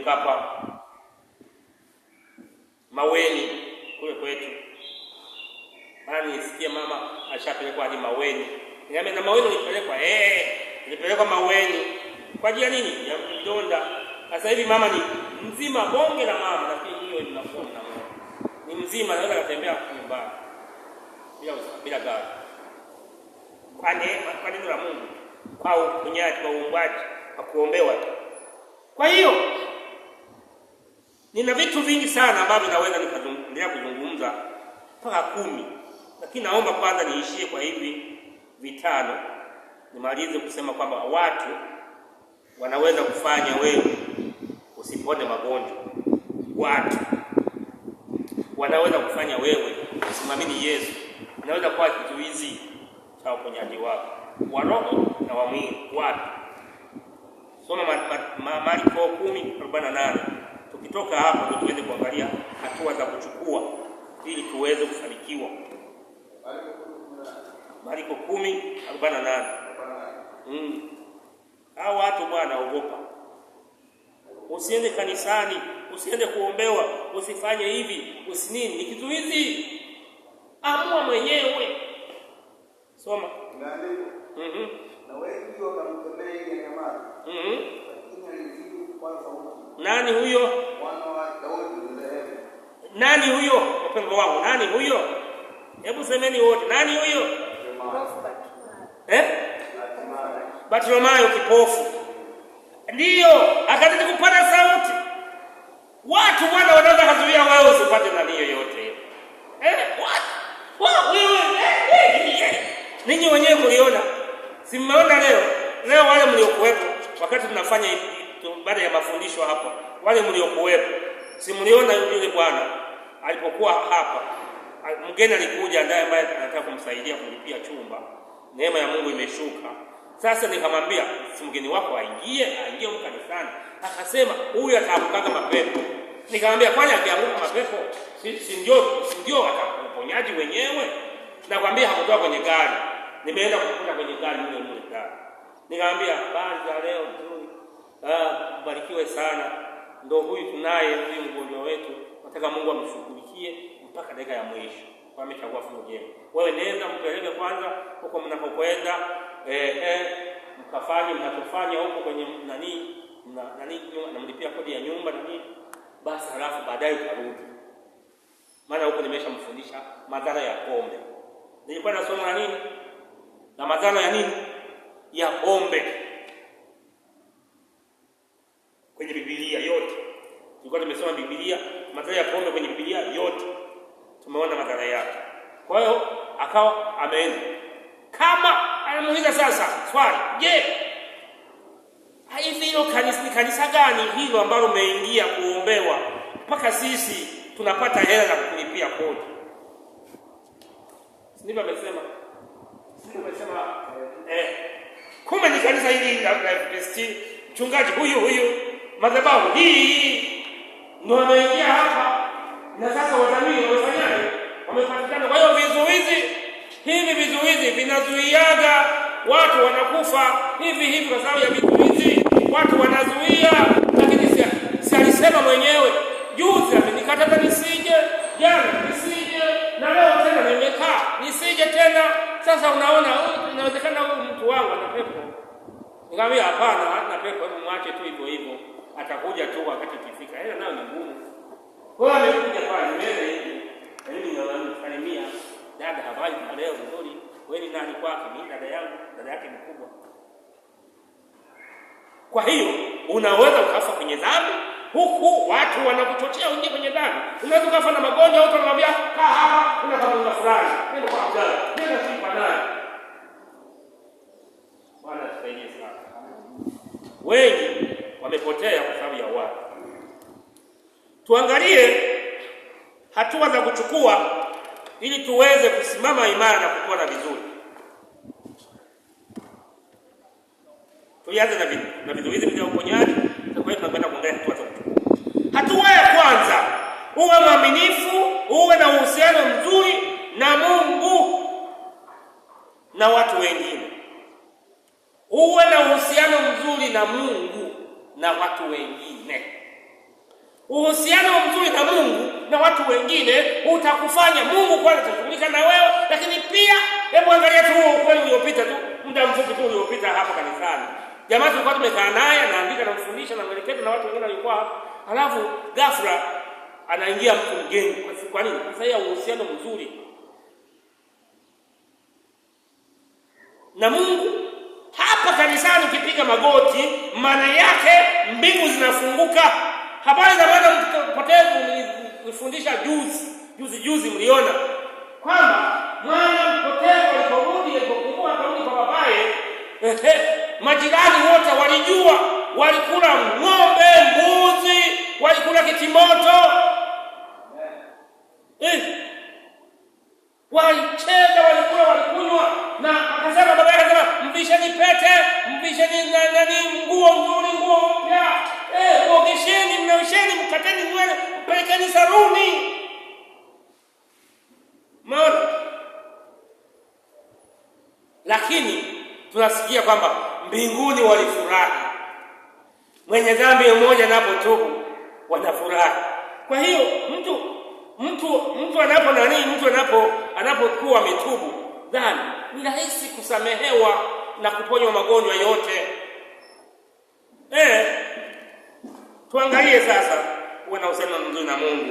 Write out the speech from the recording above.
Mkapa, Maweni kule kwetu, maana nisikie mama ashapelekwa hadi Maweni. Niambia na Maweni ulipelekwa? Eh, nilipelekwa Maweni kwa ajili ya nini? Ya vidonda. Sasa hivi mama ni mzima, bonge la mama. lakini hiyo ni na mama ni mzima, anaweza kutembea kumba bila bila gari, kwa neema, kwa neno la Mungu au kunyati kwa uumbaji, kwa kuombewa. Kwa hiyo Nina vitu vingi sana ambavyo naweza nikaendelea kuzungumza mpaka kumi, lakini naomba kwanza niishie kwa hivi vitano, nimalize kusema kwamba watu wanaweza kufanya wewe usipone magonjwa. Watu wanaweza kufanya wewe usimamini Yesu. inaweza kuwa kizuizi cha uponyaji wako wa roho na wa mwili. Watu soma Marko 10:48. Tukitoka hapa ndio tuweze kuangalia hatua za kuchukua ili tuweze kufanikiwa. Mariko kumi arobaini na Mm. Hao watu bwana, ogopa, usiende kanisani, usiende kuombewa, usifanye hivi, usinini. Ni kizuizi, amua mwenyewe. Soma mm Na wengi wakamkemea yeye Nyamara. mm huko. Nani huyo? Nani huyo wapendwa wangu? Nani huyo? Hebu semeni wote, nani huyo? Eh? Bartimayo kipofu, ndiyo akazidi kupata sauti. Watu bwana, wanaweza kuzuia wewe usipate nani yoyote eh? eh, eh, eh Ninyi wenyewe mliona, si mmeona leo leo, wale mliokuwepo wakati tunafanya baada ya mafundisho hapa, wale mliokuwepo, si mliona yule bwana alipokuwa hapa mgeni alikuja ndaye ambaye anataka kumsaidia kulipia chumba, neema ya Mungu imeshuka. Sasa nikamwambia si mgeni wako aingie, aingie huko kanisani? Akasema huyu ataamukaga mapepo. Nikamwambia kwani akianguka mapepo si ndio si ndio atakuponyaji wenyewe? Nakwambia hakutoka kwenye gari, nimeenda kukuta kwenye gari mle mle Nikamwambia habari za leo nzuri, ah, barikiwe sana ndo huyu tunaye huyu mgonjwa wetu, nataka Mungu amshughulikie mpaka dakika ya mwisho. Kwa amechagua fungu jema, wewe nenda mpeleke kwanza huko mnapokwenda, eh, eh, mkafanye mnachofanya huko kwenye nani na nani, namlipia kodi ya nyumba nani basi halafu baadaye utarudi, maana huko nimeshamfundisha madhara ya pombe. Nilikuwa somo la nini na madhara ya nini ya pombe Kwa hiyo akawa ameenda. Kama anamuuliza sasa swali, je, hivi hilo kanisa ni kanisa gani hilo ambalo umeingia kuombewa mpaka sisi tunapata hela za kukulipia kodi? Ndivyo amesema. Amesema eh. eh, kumbe ni kanisa hili la mchungaji huyu huyu, madhabahu hii ndio ameingia hapa na sasa wadhamini wamefanya wamepatikana. Kwa hiyo vizuizi hivi, vizuizi vinazuiaga watu wanakufa hivi hivi kwa sababu ya vizuizi, watu wanazuia. Lakini si alisema mwenyewe juzi, amenikataza nisije, jana nisije, na leo tena nimekaa nisije tena. Sasa unaona, inawezekana huyu mtu wangu ana pepo. Nikamwambia hapana, hana pepo, hebu mwache tu hivyo hivyo, atakuja tu wakati ikifika. Hiyo nayo ni ngumu. Kwa hiyo amekuja pale mbele hivi dada habari leo vizuri, wewe ni nani kwake? Mimi dada yangu, dada yake mkubwa. Kwa hiyo unaweza ukafa kwenye dhambi, huku watu wanakuchochea uingie kwenye dhambi. Unaweza ukafa na magonjwa, watu wanakwambia hapa kuna tatizo fulani, nenda kwa mganga, nenda si kwa nani. Bwana tusaidie sana. Wengi wamepotea kwa sababu ya watu. Tuangalie hatua za kuchukua ili tuweze kusimama imara na kupona vizuri. Tuanze na vizuizi vya uponyaji, tutakuwa tunakwenda kuangalia hatua za kuchukua. Hatua ya kwanza, uwe mwaminifu, uwe na uhusiano mzuri na Mungu na watu wengine. Uwe na uhusiano mzuri na Mungu na watu wengine. Uhusiano mzuri na Mungu na watu wengine utakufanya Mungu kwanza kushughulika na wewe, lakini pia hebu angalia tu ukweli uliopita tu muda mfupi tu uliopita hapa kanisani, jamaa tulikuwa tumekaa naye anaandika na kufundisha na mwelekezo na watu wengine walikuwa hapo, alafu ghafla anaingia mtu mgeni. Kwa nini? Kwa sababu ya uhusiano mzuri na Mungu. Hapa kanisani ukipiga magoti, maana yake mbingu zinafunguka. habari za Nilifundisha juzi juzi juzi, mliona kwamba mwana mpotevu aliporudi, alipopungua akarudi kwa babaye, majirani wote walijua, walikula ng'ombe, mbuzi, walikula kitimoto eh, walicheza, walikula, walikunywa, na akasema baba yake, akasema mvisheni pete, mvisheni nani, nguo nzuri, nguo mpya eh, ogesheni, mnawisheni, mkateni nywele kanisa Rumi. Mara lakini tunasikia kwamba mbinguni walifurahi, mwenye dhambi mmoja anapotubu wanafurahi. Kwa hiyo mtu mtu mtu anapo nani, mtu anapo anapokuwa ametubu dhambi ni rahisi kusamehewa na kuponywa magonjwa yote. Eh, tuangalie sasa uwe na uhusiano mzuri na Mungu.